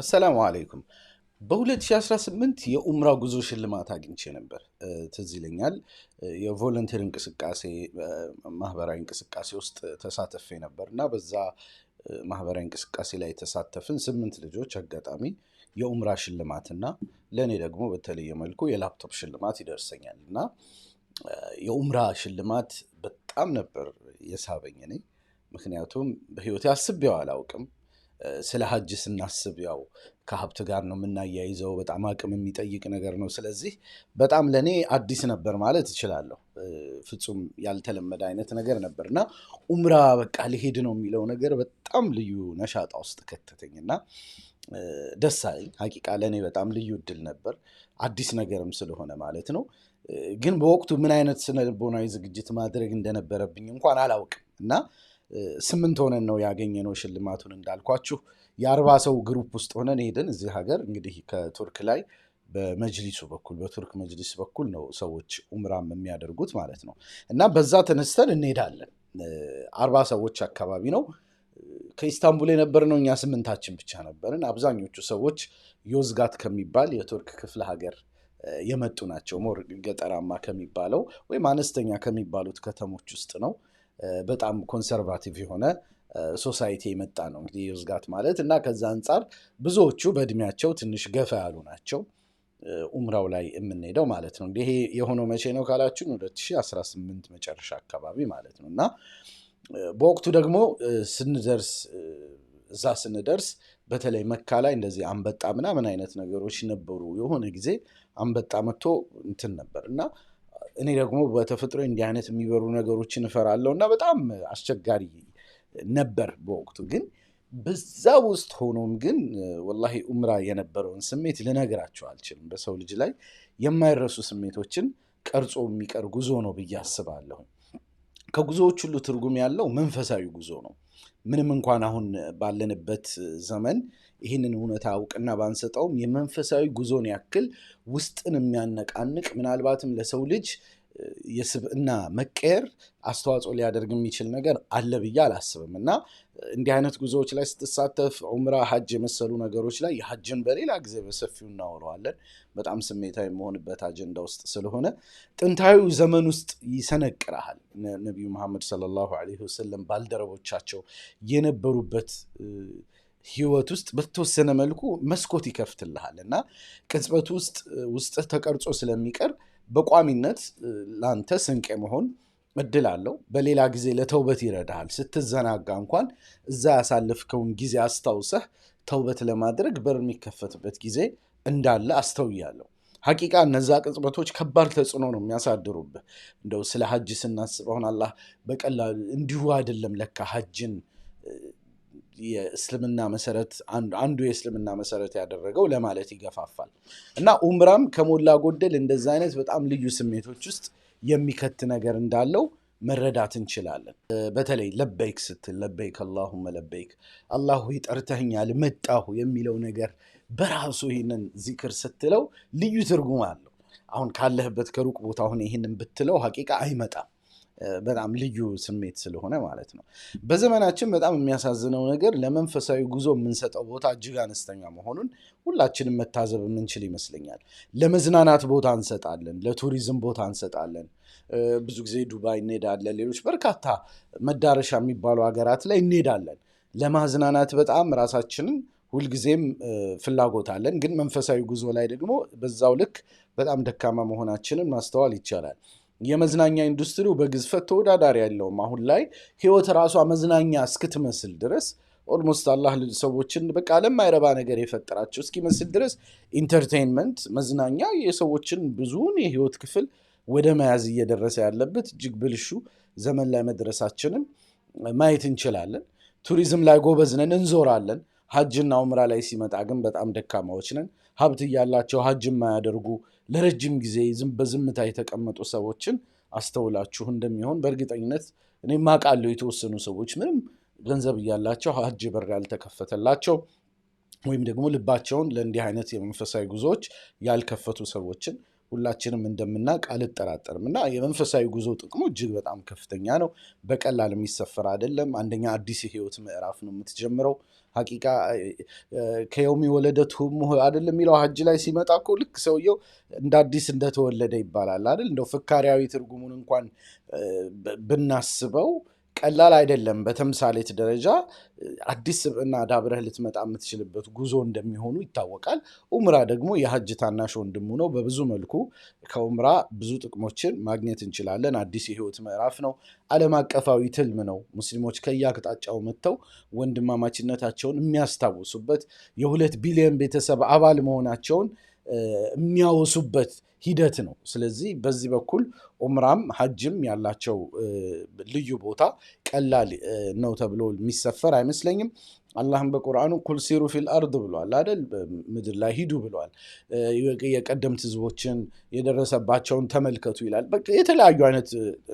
አሰላሙ አለይኩም። በ2018 የኡምራ ጉዞ ሽልማት አግኝቼ ነበር፣ ትዝ ይለኛል። የቮለንቴር እንቅስቃሴ ማህበራዊ እንቅስቃሴ ውስጥ ተሳተፌ ነበር እና በዛ ማህበራዊ እንቅስቃሴ ላይ የተሳተፍን ስምንት ልጆች አጋጣሚ የኡምራ ሽልማት እና ለእኔ ደግሞ በተለየ መልኩ የላፕቶፕ ሽልማት ይደርሰኛል እና የኡምራ ሽልማት በጣም ነበር የሳበኝ እኔ ምክንያቱም በህይወቴ አስቤው አላውቅም። ስለ ሀጅ ስናስብ ያው ከሀብት ጋር ነው የምናያይዘው። በጣም አቅም የሚጠይቅ ነገር ነው። ስለዚህ በጣም ለእኔ አዲስ ነበር ማለት እችላለሁ። ፍጹም ያልተለመደ አይነት ነገር ነበር እና ኡምራ በቃ ሊሄድ ነው የሚለው ነገር በጣም ልዩ ነሻጣ ውስጥ ከተተኝ እና ደስ አለኝ። ሀቂቃ ለእኔ በጣም ልዩ እድል ነበር፣ አዲስ ነገርም ስለሆነ ማለት ነው። ግን በወቅቱ ምን አይነት ስነልቦናዊ ዝግጅት ማድረግ እንደነበረብኝ እንኳን አላውቅም እና ስምንት ሆነን ነው ያገኘነው ሽልማቱን እንዳልኳችሁ የአርባ ሰው ግሩፕ ውስጥ ሆነን ሄደን እዚህ ሀገር እንግዲህ ከቱርክ ላይ በመጅሊሱ በኩል በቱርክ መጅሊስ በኩል ነው ሰዎች ኡምራም የሚያደርጉት ማለት ነው። እና በዛ ተነስተን እንሄዳለን። አርባ ሰዎች አካባቢ ነው። ከኢስታንቡል ነው እኛ ስምንታችን ብቻ ነበርን። አብዛኞቹ ሰዎች ዮዝጋት ከሚባል የቱርክ ክፍለ ሀገር የመጡ ናቸው። ሞር ገጠራማ ከሚባለው ወይም አነስተኛ ከሚባሉት ከተሞች ውስጥ ነው በጣም ኮንሰርቫቲቭ የሆነ ሶሳይቲ የመጣ ነው እንግዲህ ዮዝጋት ማለት እና ከዛ አንጻር ብዙዎቹ በእድሜያቸው ትንሽ ገፋ ያሉ ናቸው ኡምራው ላይ የምንሄደው ማለት ነው። እንግዲህ ይሄ የሆነው መቼ ነው ካላችሁን 2018 መጨረሻ አካባቢ ማለት ነው እና በወቅቱ ደግሞ ስንደርስ እዛ ስንደርስ በተለይ መካ ላይ እንደዚህ አንበጣ ምናምን አይነት ነገሮች ነበሩ። የሆነ ጊዜ አንበጣ መጥቶ እንትን ነበር እና እኔ ደግሞ በተፈጥሮ እንዲህ አይነት የሚበሩ ነገሮችን እፈራለሁ እና በጣም አስቸጋሪ ነበር በወቅቱ ግን በዛ ውስጥ ሆኖም ግን ወላሂ ኡምራ የነበረውን ስሜት ልነግራቸው አልችልም። በሰው ልጅ ላይ የማይረሱ ስሜቶችን ቀርጾ የሚቀር ጉዞ ነው ብዬ አስባለሁ። ከጉዞዎች ሁሉ ትርጉም ያለው መንፈሳዊ ጉዞ ነው። ምንም እንኳን አሁን ባለንበት ዘመን ይህንን እውነታ አውቅና ባንሰጠውም የመንፈሳዊ ጉዞን ያክል ውስጥን የሚያነቃንቅ ምናልባትም ለሰው ልጅ የስብና መቀየር አስተዋጽኦ ሊያደርግ የሚችል ነገር አለ ብዬ አላስብም እና እንዲህ አይነት ጉዞዎች ላይ ስትሳተፍ ዑምራ፣ ሀጅ የመሰሉ ነገሮች ላይ የሀጅን በሌላ ጊዜ በሰፊው እናወራዋለን። በጣም ስሜታዊ የመሆንበት አጀንዳ ውስጥ ስለሆነ ጥንታዊ ዘመን ውስጥ ይሰነቅረሃል። ነቢዩ መሐመድ ሰለላሁ ዐለይሂ ወሰለም ባልደረቦቻቸው የነበሩበት ህይወት ውስጥ በተወሰነ መልኩ መስኮት ይከፍትልሃል እና ቅጽበት ውስጥ ውስጥ ተቀርጾ ስለሚቀር በቋሚነት ለአንተ ስንቅ የመሆን እድል አለው። በሌላ ጊዜ ለተውበት ይረዳሃል። ስትዘናጋ እንኳን እዛ ያሳለፍከውን ጊዜ አስታውሰህ ተውበት ለማድረግ በር የሚከፈትበት ጊዜ እንዳለ አስተውያለሁ። ሐቂቃ እነዛ ቅጽበቶች ከባድ ተጽዕኖ ነው የሚያሳድሩብህ። እንደው ስለ ሀጅ ስናስብ አሁን አላህ በቀላሉ እንዲሁ አይደለም ለካ ሀጅን የእስልምና መሰረት አንዱ የእስልምና መሰረት ያደረገው ለማለት ይገፋፋል እና ኡምራም ከሞላ ጎደል እንደዚ አይነት በጣም ልዩ ስሜቶች ውስጥ የሚከት ነገር እንዳለው መረዳት እንችላለን። በተለይ ለበይክ ስትል ለበይክ አላሁመ ለበይክ አላሁ ይጠርተኛል መጣሁ የሚለው ነገር በራሱ ይህንን ዚክር ስትለው ልዩ ትርጉም አለው። አሁን ካለህበት ከሩቅ ቦታ ሁን ይህንን ብትለው ሀቂቃ አይመጣም። በጣም ልዩ ስሜት ስለሆነ ማለት ነው። በዘመናችን በጣም የሚያሳዝነው ነገር ለመንፈሳዊ ጉዞ የምንሰጠው ቦታ እጅግ አነስተኛ መሆኑን ሁላችንም መታዘብ የምንችል ይመስለኛል። ለመዝናናት ቦታ እንሰጣለን፣ ለቱሪዝም ቦታ እንሰጣለን። ብዙ ጊዜ ዱባይ እንሄዳለን፣ ሌሎች በርካታ መዳረሻ የሚባሉ ሀገራት ላይ እንሄዳለን። ለማዝናናት በጣም ራሳችንን ሁልጊዜም ፍላጎት አለን፣ ግን መንፈሳዊ ጉዞ ላይ ደግሞ በዛው ልክ በጣም ደካማ መሆናችንን ማስተዋል ይቻላል። የመዝናኛ ኢንዱስትሪው በግዝፈት ተወዳዳሪ ያለውም አሁን ላይ ህይወት ራሷ መዝናኛ እስክትመስል ድረስ ኦልሞስት አላህ ሰዎችን በቃ ለማይረባ ነገር የፈጠራቸው እስኪመስል ድረስ ኢንተርቴንመንት መዝናኛ የሰዎችን ብዙውን የህይወት ክፍል ወደ መያዝ እየደረሰ ያለበት እጅግ ብልሹ ዘመን ላይ መድረሳችንን ማየት እንችላለን። ቱሪዝም ላይ ጎበዝነን እንዞራለን። ሀጅና ኡምራ ላይ ሲመጣ ግን በጣም ደካማዎች ነን። ሀብት እያላቸው ሀጅ የማያደርጉ ለረጅም ጊዜ በዝምታ የተቀመጡ ሰዎችን አስተውላችሁ እንደሚሆን በእርግጠኝነት እኔ ማቃሉ የተወሰኑ ሰዎች ምንም ገንዘብ እያላቸው ሀጅ በር ያልተከፈተላቸው ወይም ደግሞ ልባቸውን ለእንዲህ አይነት የመንፈሳዊ ጉዞዎች ያልከፈቱ ሰዎችን ሁላችንም እንደምናውቅ አልጠራጠርም እና የመንፈሳዊ ጉዞ ጥቅሙ እጅግ በጣም ከፍተኛ ነው። በቀላል የሚሰፈር አይደለም። አንደኛ አዲስ የህይወት ምዕራፍ ነው የምትጀምረው። ሀቂቃ ከየውም ወለደቱ አይደለም የሚለው ሀጅ ላይ ሲመጣ እኮ ልክ ሰውየው እንደ አዲስ እንደተወለደ ይባላል አይደል? እንደው ፍካሪያዊ ትርጉሙን እንኳን ብናስበው ቀላል አይደለም። በተምሳሌት ደረጃ አዲስ ስብዕና ዳብረህ ልትመጣ የምትችልበት ጉዞ እንደሚሆኑ ይታወቃል። ኡምራ ደግሞ የሀጅ ታናሽ ወንድሙ ነው። በብዙ መልኩ ከኡምራ ብዙ ጥቅሞችን ማግኘት እንችላለን። አዲስ የህይወት ምዕራፍ ነው። አለም አቀፋዊ ትልም ነው። ሙስሊሞች ከየአቅጣጫው መጥተው ወንድማማችነታቸውን የሚያስታውሱበት የሁለት ቢሊዮን ቤተሰብ አባል መሆናቸውን የሚያወሱበት ሂደት ነው። ስለዚህ በዚህ በኩል ኡምራም ሀጅም ያላቸው ልዩ ቦታ ቀላል ነው ተብሎ የሚሰፈር አይመስለኝም። አላህም በቁርአኑ ኩል ሲሩ ፊል አርድ ብሏል አደል? ምድር ላይ ሂዱ ብሏል። የቀደምት ህዝቦችን የደረሰባቸውን ተመልከቱ ይላል። የተለያዩ አይነት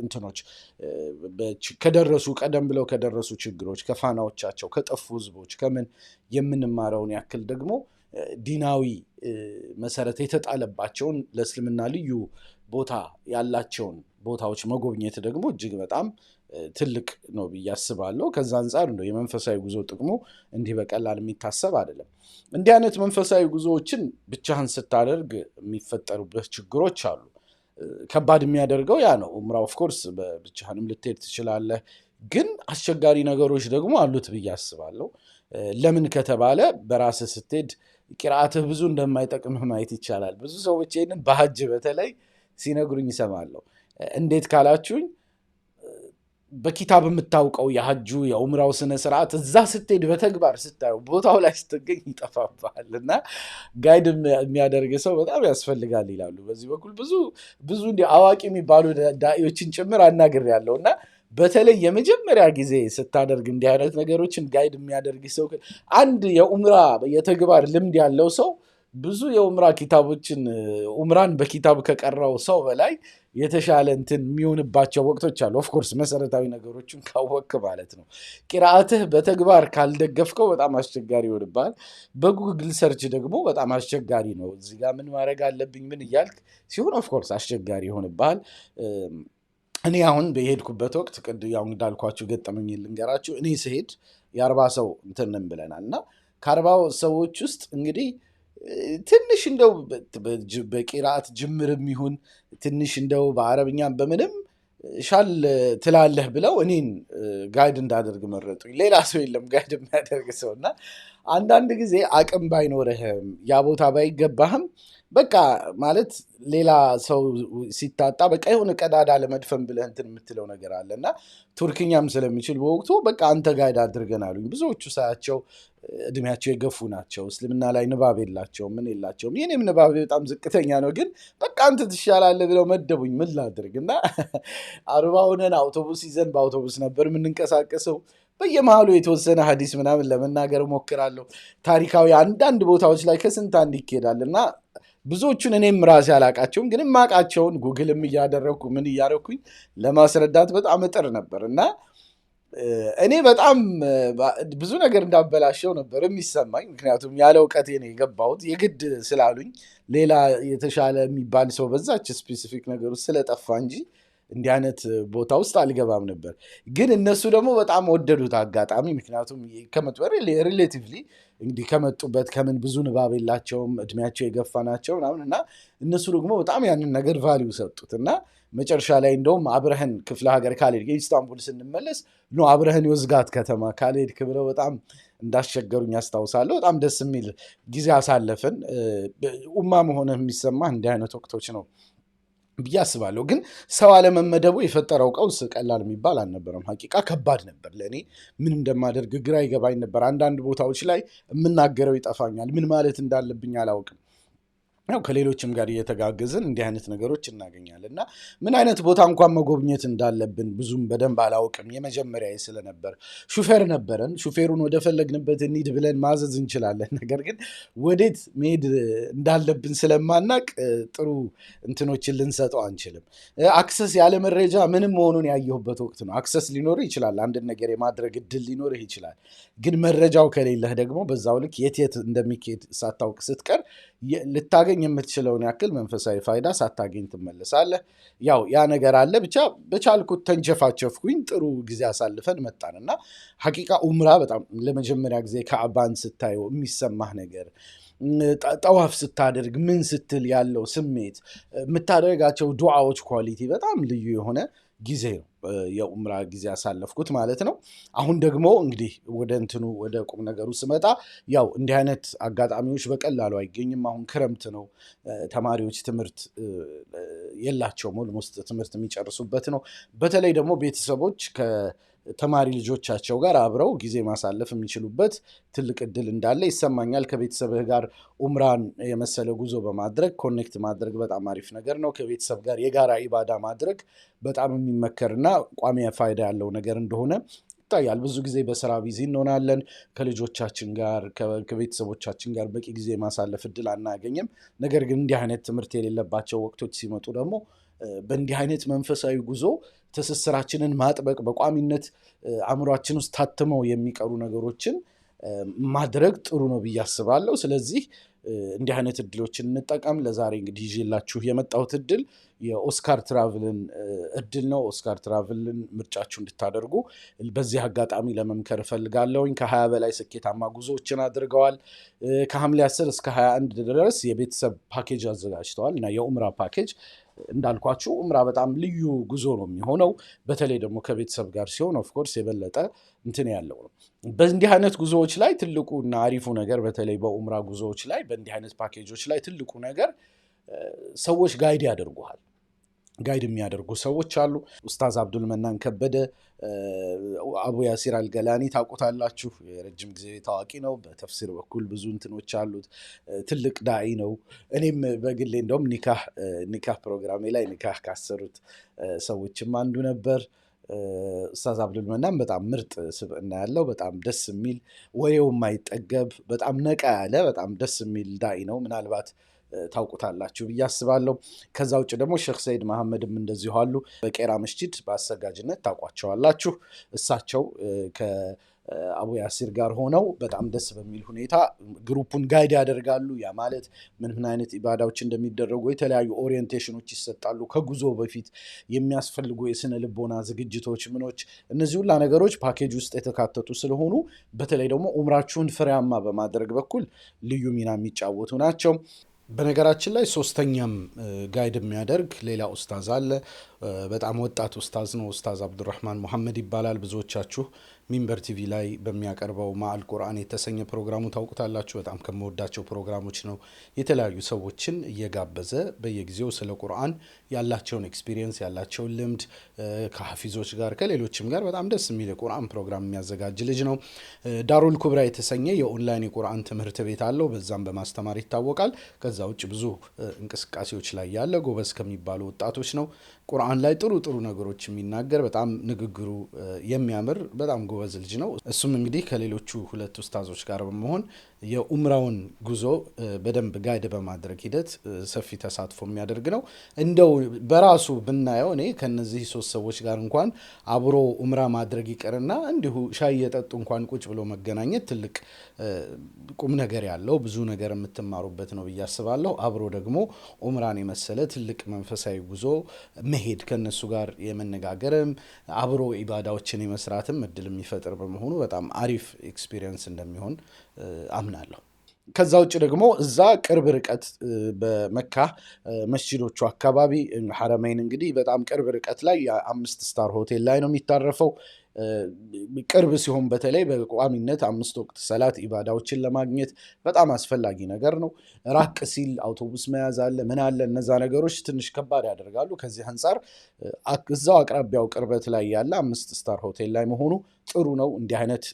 እንትኖች ከደረሱ ቀደም ብለው ከደረሱ ችግሮች፣ ከፋናዎቻቸው፣ ከጠፉ ህዝቦች ከምን የምንማረውን ያክል ደግሞ ዲናዊ መሰረት የተጣለባቸውን ለእስልምና ልዩ ቦታ ያላቸውን ቦታዎች መጎብኘት ደግሞ እጅግ በጣም ትልቅ ነው ብዬ አስባለሁ። ከዛ አንጻር እንደው የመንፈሳዊ ጉዞ ጥቅሙ እንዲህ በቀላል የሚታሰብ አይደለም። እንዲህ አይነት መንፈሳዊ ጉዞዎችን ብቻህን ስታደርግ የሚፈጠሩበት ችግሮች አሉ። ከባድ የሚያደርገው ያ ነው። ምራ ኦፍኮርስ ብቻህንም ልትሄድ ትችላለህ፣ ግን አስቸጋሪ ነገሮች ደግሞ አሉት ብዬ አስባለሁ። ለምን ከተባለ በራስ ስትሄድ ቅርአትህ ብዙ እንደማይጠቅምህ ማየት ይቻላል። ብዙ ሰዎች ይህንን በሀጅ በተለይ ሲነግሩኝ ይሰማለሁ። እንዴት ካላችሁኝ በኪታብ የምታውቀው የሀጁ የኡምራው ስነ ስርዓት እዛ ስትሄድ በተግባር ስታየው ቦታው ላይ ስትገኝ ይጠፋብሃል እና ጋይድ የሚያደርግ ሰው በጣም ያስፈልጋል ይላሉ። በዚህ በኩል ብዙ ብዙ እንዲህ አዋቂ የሚባሉ ዳኢዎችን ጭምር ያለው እና በተለይ የመጀመሪያ ጊዜ ስታደርግ እንዲህ አይነት ነገሮችን ጋይድ የሚያደርግ ሰው አንድ የኡምራ የተግባር ልምድ ያለው ሰው ብዙ የኡምራ ኪታቦችን ኡምራን በኪታብ ከቀራው ሰው በላይ የተሻለ እንትን የሚሆንባቸው ወቅቶች አሉ። ኦፍኮርስ መሰረታዊ ነገሮችን ካወክ ማለት ነው። ቂራአትህ በተግባር ካልደገፍከው በጣም አስቸጋሪ ይሆንባል በጉግል ሰርች ደግሞ በጣም አስቸጋሪ ነው። እዚጋ ምን ማድረግ አለብኝ ምን እያልክ ሲሆን ኦፍኮርስ አስቸጋሪ ይሆንባል እኔ አሁን በሄድኩበት ወቅት ቅድ ያው እንዳልኳቸው ገጠመኝ ልንገራቸው እኔ ስሄድ የአርባ ሰው እንትንም ብለናል እና ከአርባው ሰዎች ውስጥ እንግዲህ ትንሽ እንደው በቂራት ጅምርም ይሁን ትንሽ እንደው በአረብኛም በምንም ሻል ትላለህ ብለው እኔን ጋይድ እንዳደርግ መረጡኝ። ሌላ ሰው የለም ጋይድ የሚያደርግ ሰው እና አንዳንድ ጊዜ አቅም ባይኖርህም ያ ቦታ ባይገባህም በቃ ማለት ሌላ ሰው ሲታጣ በቃ የሆነ ቀዳዳ ለመድፈን ብለህ እንትን የምትለው ነገር አለ እና ቱርክኛም ስለሚችል በወቅቱ በቃ አንተ ጋይድ አድርገን አሉኝ። ብዙዎቹ ሳያቸው እድሜያቸው የገፉ ናቸው። እስልምና ላይ ንባብ የላቸውም፣ ምን የላቸውም። የኔም ንባብ በጣም ዝቅተኛ ነው፣ ግን በቃ አንተ ትሻላለህ ብለው መደቡኝ። ምን ላድርግ እና አርባ ሆነን አውቶቡስ ይዘን በአውቶቡስ ነበር የምንንቀሳቀሰው። በየመሃሉ የተወሰነ ሀዲስ ምናምን ለመናገር ሞክራለሁ። ታሪካዊ አንዳንድ ቦታዎች ላይ ከስንት አንድ ይካሄዳል እና ብዙዎቹን እኔም ራሴ አላቃቸውም፣ ግን ማቃቸውን ጉግልም እያደረግኩ ምን እያደረግኩኝ ለማስረዳት በጣም እጥር ነበር እና እኔ በጣም ብዙ ነገር እንዳበላሸው ነበር የሚሰማኝ። ምክንያቱም ያለ እውቀቴ ነው የገባሁት የግድ ስላሉኝ ሌላ የተሻለ የሚባል ሰው በዛች ስፔሲፊክ ነገር ውስጥ ስለጠፋ እንጂ እንዲህ አይነት ቦታ ውስጥ አልገባም ነበር። ግን እነሱ ደግሞ በጣም ወደዱት አጋጣሚ ምክንያቱም ከመጥበር ሪሌቲቭሊ እንግዲህ ከመጡበት ከምን ብዙ ንባብ የላቸውም እድሜያቸው የገፋ ናቸው ምናምን እና እነሱ ደግሞ በጣም ያንን ነገር ቫሊዩ ሰጡት እና መጨረሻ ላይ እንደውም አብረህን ክፍለ ሀገር ካሌድ ኢስታንቡል ስንመለስ ኖ አብረህን የወዝጋት ከተማ ካሌድ ብለው በጣም እንዳስቸገሩኝ ያስታውሳለሁ። በጣም ደስ የሚል ጊዜ አሳለፍን። ኡማ መሆነ የሚሰማ እንዲህ አይነት ወቅቶች ነው። ብዬ አስባለሁ። ግን ሰው አለመመደቡ የፈጠረው ቀውስ ቀላል የሚባል አልነበረም። ሀቂቃ ከባድ ነበር። ለእኔ ምን እንደማደርግ ግራ ይገባኝ ነበር። አንዳንድ ቦታዎች ላይ የምናገረው ይጠፋኛል። ምን ማለት እንዳለብኝ አላውቅም። ያው ከሌሎችም ጋር እየተጋገዝን እንዲህ አይነት ነገሮች እናገኛለን እና ምን አይነት ቦታ እንኳን መጎብኘት እንዳለብን ብዙም በደንብ አላውቅም። የመጀመሪያ ስለነበር ሹፌር ነበረን። ሹፌሩን ወደፈለግንበት እንሂድ ብለን ማዘዝ እንችላለን። ነገር ግን ወዴት መሄድ እንዳለብን ስለማናቅ ጥሩ እንትኖችን ልንሰጠው አንችልም። አክሰስ ያለ መረጃ ምንም መሆኑን ያየሁበት ወቅት ነው። አክሰስ ሊኖርህ ይችላል፣ አንድን ነገር የማድረግ እድል ሊኖርህ ይችላል። ግን መረጃው ከሌለህ ደግሞ በዛው ልክ የት የት እንደሚካሄድ ሳታውቅ ስትቀር ልታገኝ ልታገኝ የምትችለውን ያክል መንፈሳዊ ፋይዳ ሳታገኝ ትመለሳለህ። ያው ያ ነገር አለ። ብቻ በቻልኩት ተንጀፋቸፍኩኝ ጥሩ ጊዜ አሳልፈን መጣን እና ሐቂቃ ኡምራ በጣም ለመጀመሪያ ጊዜ ከአባን ስታየው የሚሰማህ ነገር ጠዋፍ ስታደርግ ምን ስትል ያለው ስሜት የምታደርጋቸው ዱዓዎች ኳሊቲ በጣም ልዩ የሆነ ጊዜ ነው። የኡምራ ጊዜ ያሳለፍኩት ማለት ነው። አሁን ደግሞ እንግዲህ ወደ እንትኑ ወደ ቁም ነገሩ ስመጣ ያው እንዲህ አይነት አጋጣሚዎች በቀላሉ አይገኝም። አሁን ክረምት ነው፣ ተማሪዎች ትምህርት የላቸውም፣ ኦልሞስት ትምህርት የሚጨርሱበት ነው። በተለይ ደግሞ ቤተሰቦች ተማሪ ልጆቻቸው ጋር አብረው ጊዜ ማሳለፍ የሚችሉበት ትልቅ እድል እንዳለ ይሰማኛል። ከቤተሰብህ ጋር ኡምራን የመሰለ ጉዞ በማድረግ ኮኔክት ማድረግ በጣም አሪፍ ነገር ነው። ከቤተሰብ ጋር የጋራ ኢባዳ ማድረግ በጣም የሚመከርና ቋሚ ፋይዳ ያለው ነገር እንደሆነ ይታያል። ብዙ ጊዜ በስራ ቢዚ እንሆናለን። ከልጆቻችን ጋር ከቤተሰቦቻችን ጋር በቂ ጊዜ ማሳለፍ እድል አናገኝም። ነገር ግን እንዲህ አይነት ትምህርት የሌለባቸው ወቅቶች ሲመጡ ደግሞ በእንዲህ አይነት መንፈሳዊ ጉዞ ትስስራችንን ማጥበቅ በቋሚነት አእምሯችን ውስጥ ታትመው የሚቀሩ ነገሮችን ማድረግ ጥሩ ነው ብዬ አስባለሁ። ስለዚህ እንዲህ አይነት እድሎችን እንጠቀም። ለዛሬ እንግዲህ ይዤላችሁ የመጣሁት እድል የኦስካር ትራቭልን እድል ነው። ኦስካር ትራቭልን ምርጫችሁ እንድታደርጉ በዚህ አጋጣሚ ለመምከር እፈልጋለውኝ ከሀያ በላይ ስኬታማ ጉዞዎችን አድርገዋል። ከሐምሌ 10 እስከ 21 ድረስ የቤተሰብ ፓኬጅ አዘጋጅተዋል እና የኡምራ ፓኬጅ እንዳልኳችሁ ኡምራ በጣም ልዩ ጉዞ ነው የሚሆነው። በተለይ ደግሞ ከቤተሰብ ጋር ሲሆን ኦፍኮርስ የበለጠ እንትን ያለው ነው። በእንዲህ አይነት ጉዞዎች ላይ ትልቁ እና አሪፉ ነገር በተለይ በኡምራ ጉዞዎች ላይ በእንዲህ አይነት ፓኬጆች ላይ ትልቁ ነገር ሰዎች ጋይድ ያደርጉሃል። ጋይድ የሚያደርጉ ሰዎች አሉ። ኡስታዝ አብዱል መናን ከበደ፣ አቡ ያሲር አልገላኒ ታውቁታላችሁ። የረጅም ጊዜ ታዋቂ ነው። በተፍሲር በኩል ብዙ እንትኖች አሉት። ትልቅ ዳይ ነው። እኔም በግሌ እንደውም ኒካህ ፕሮግራሜ ላይ ኒካህ ካሰሩት ሰዎችም አንዱ ነበር። ኡስታዝ አብዱል መናን በጣም ምርጥ ስብዕና ያለው በጣም ደስ የሚል ወሬው የማይጠገብ በጣም ነቃ ያለ በጣም ደስ የሚል ዳይ ነው ምናልባት ታውቁታላችሁ ብዬ አስባለሁ። ከዛ ውጭ ደግሞ ሼክ ሰይድ መሐመድም እንደዚሁ አሉ። በቄራ መስጂድ በአሰጋጅነት ታውቋቸዋላችሁ። እሳቸው አቡ ያሲር ጋር ሆነው በጣም ደስ በሚል ሁኔታ ግሩፑን ጋይድ ያደርጋሉ። ያ ማለት ምን ምን አይነት ኢባዳዎች እንደሚደረጉ የተለያዩ ኦሪየንቴሽኖች ይሰጣሉ። ከጉዞ በፊት የሚያስፈልጉ የስነ ልቦና ዝግጅቶች፣ ምኖች፣ እነዚህ ሁላ ነገሮች ፓኬጅ ውስጥ የተካተቱ ስለሆኑ በተለይ ደግሞ ኡምራችሁን ፍሬያማ በማድረግ በኩል ልዩ ሚና የሚጫወቱ ናቸው። በነገራችን ላይ ሶስተኛም ጋይድ የሚያደርግ ሌላ ኡስታዝ አለ። በጣም ወጣት ኡስታዝ ነው። ኡስታዝ አብዱራህማን ሙሐመድ ይባላል። ብዙዎቻችሁ ሚንበር ቲቪ ላይ በሚያቀርበው ማአል ቁርአን የተሰኘ ፕሮግራሙ ታውቁታላችሁ። በጣም ከምወዳቸው ፕሮግራሞች ነው። የተለያዩ ሰዎችን እየጋበዘ በየጊዜው ስለ ቁርአን ያላቸውን ኤክስፒሪየንስ ያላቸውን ልምድ ከሀፊዞች ጋር ከሌሎችም ጋር በጣም ደስ የሚል የቁርአን ፕሮግራም የሚያዘጋጅ ልጅ ነው። ዳሩል ኩብራ የተሰኘ የኦንላይን የቁርአን ትምህርት ቤት አለው። በዛም በማስተማር ይታወቃል። ከዛ ውጭ ብዙ እንቅስቃሴዎች ላይ ያለ ጎበዝ ከሚባሉ ወጣቶች ነው። ቁርአን ላይ ጥሩ ጥሩ ነገሮች የሚናገር በጣም ንግግሩ የሚያምር በጣም ጎ ጎበዝ ልጅ ነው። እሱም እንግዲህ ከሌሎቹ ሁለት ኡስታዞች ጋር በመሆን የኡምራውን ጉዞ በደንብ ጋይድ በማድረግ ሂደት ሰፊ ተሳትፎ የሚያደርግ ነው። እንደው በራሱ ብናየው እኔ ከነዚህ ሶስት ሰዎች ጋር እንኳን አብሮ ኡምራ ማድረግ ይቅርና እንዲሁ ሻይ እየጠጡ እንኳን ቁጭ ብሎ መገናኘት ትልቅ ቁም ነገር ያለው ብዙ ነገር የምትማሩበት ነው ብዬ አስባለሁ። አብሮ ደግሞ ኡምራን የመሰለ ትልቅ መንፈሳዊ ጉዞ መሄድ ከነሱ ጋር የመነጋገርም አብሮ ኢባዳዎችን የመስራትም እድል የሚፈጥር በመሆኑ በጣም አሪፍ ኤክስፒሪየንስ እንደሚሆን አምናለሁ። ከዛ ውጭ ደግሞ እዛ ቅርብ ርቀት በመካ መስጂዶቹ አካባቢ ሐረመይን እንግዲህ በጣም ቅርብ ርቀት ላይ የአምስት ስታር ሆቴል ላይ ነው የሚታረፈው። ቅርብ ሲሆን በተለይ በቋሚነት አምስት ወቅት ሰላት ኢባዳዎችን ለማግኘት በጣም አስፈላጊ ነገር ነው። ራቅ ሲል አውቶቡስ መያዝ አለ ምን አለ እነዛ ነገሮች ትንሽ ከባድ ያደርጋሉ። ከዚህ አንጻር እዛው አቅራቢያው ቅርበት ላይ ያለ አምስት ስታር ሆቴል ላይ መሆኑ ጥሩ ነው። እንዲህ አይነት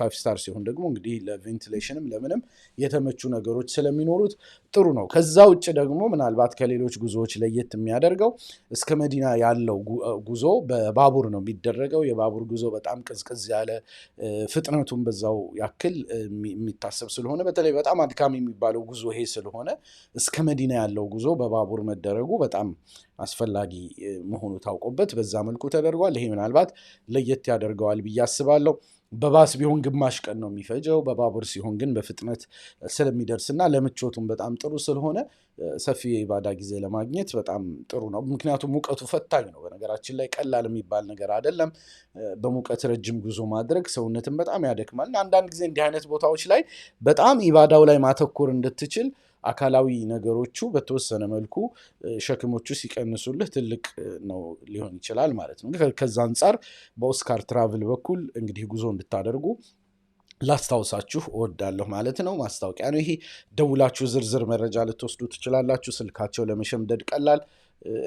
ፋይቭ ስታር ሲሆን ደግሞ እንግዲህ ለቬንቲሌሽንም ለምንም የተመቹ ነገሮች ስለሚኖሩት ጥሩ ነው። ከዛ ውጭ ደግሞ ምናልባት ከሌሎች ጉዞዎች ለየት የሚያደርገው እስከ መዲና ያለው ጉዞ በባቡር ነው የሚደረገው። የባቡር ጉዞ በጣም ቅዝቅዝ ያለ ፍጥነቱን በዛው ያክል የሚታሰብ ስለሆነ በተለይ በጣም አድካሚ የሚባለው ጉዞ ይሄ ስለሆነ እስከ መዲና ያለው ጉዞ በባቡር መደረጉ በጣም አስፈላጊ መሆኑ ታውቆበት በዛ መልኩ ተደርጓል። ይሄ ምናልባት ለየት ያደርገዋል ብዬ አስባለሁ። በባስ ቢሆን ግማሽ ቀን ነው የሚፈጀው። በባቡር ሲሆን ግን በፍጥነት ስለሚደርስና ለምቾቱም በጣም ጥሩ ስለሆነ ሰፊ የኢባዳ ጊዜ ለማግኘት በጣም ጥሩ ነው። ምክንያቱም ሙቀቱ ፈታኝ ነው። በነገራችን ላይ ቀላል የሚባል ነገር አይደለም። በሙቀት ረጅም ጉዞ ማድረግ ሰውነትን በጣም ያደክማል። አንዳንድ ጊዜ እንዲህ አይነት ቦታዎች ላይ በጣም ኢባዳው ላይ ማተኮር እንድትችል አካላዊ ነገሮቹ በተወሰነ መልኩ ሸክሞቹ ሲቀንሱልህ ትልቅ ነው ሊሆን ይችላል ማለት ነው። ከዛ አንጻር በኦስካር ትራቭል በኩል እንግዲህ ጉዞ እንድታደርጉ ላስታውሳችሁ እወዳለሁ ማለት ነው። ማስታወቂያ ነው ይሄ። ደውላችሁ ዝርዝር መረጃ ልትወስዱ ትችላላችሁ። ስልካቸው ለመሸምደድ ቀላል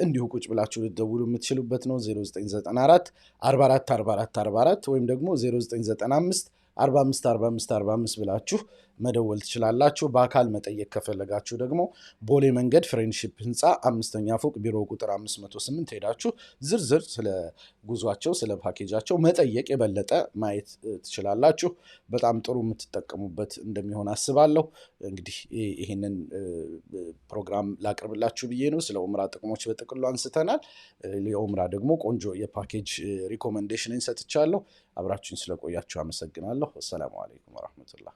እንዲሁ ቁጭ ብላችሁ ልትደውሉ የምትችሉበት ነው። 0994 44 44 44 ወይም ደግሞ 0995 45 45 45 ብላችሁ መደወል ትችላላችሁ። በአካል መጠየቅ ከፈለጋችሁ ደግሞ ቦሌ መንገድ ፍሬንድሺፕ ህንፃ አምስተኛ ፎቅ ቢሮ ቁጥር 508 ሄዳችሁ ዝርዝር ስለ ጉዟቸው፣ ስለ ፓኬጃቸው መጠየቅ የበለጠ ማየት ትችላላችሁ። በጣም ጥሩ የምትጠቀሙበት እንደሚሆን አስባለሁ። እንግዲህ ይህንን ፕሮግራም ላቅርብላችሁ ብዬ ነው። ስለ ኦምራ ጥቅሞች በጥቅሉ አንስተናል። የኦምራ ደግሞ ቆንጆ የፓኬጅ ሪኮመንዴሽን ሰጥቻለሁ። አብራችሁን ስለቆያችሁ አመሰግናለሁ። አሰላሙ አለይኩም ወረህመቱላህ።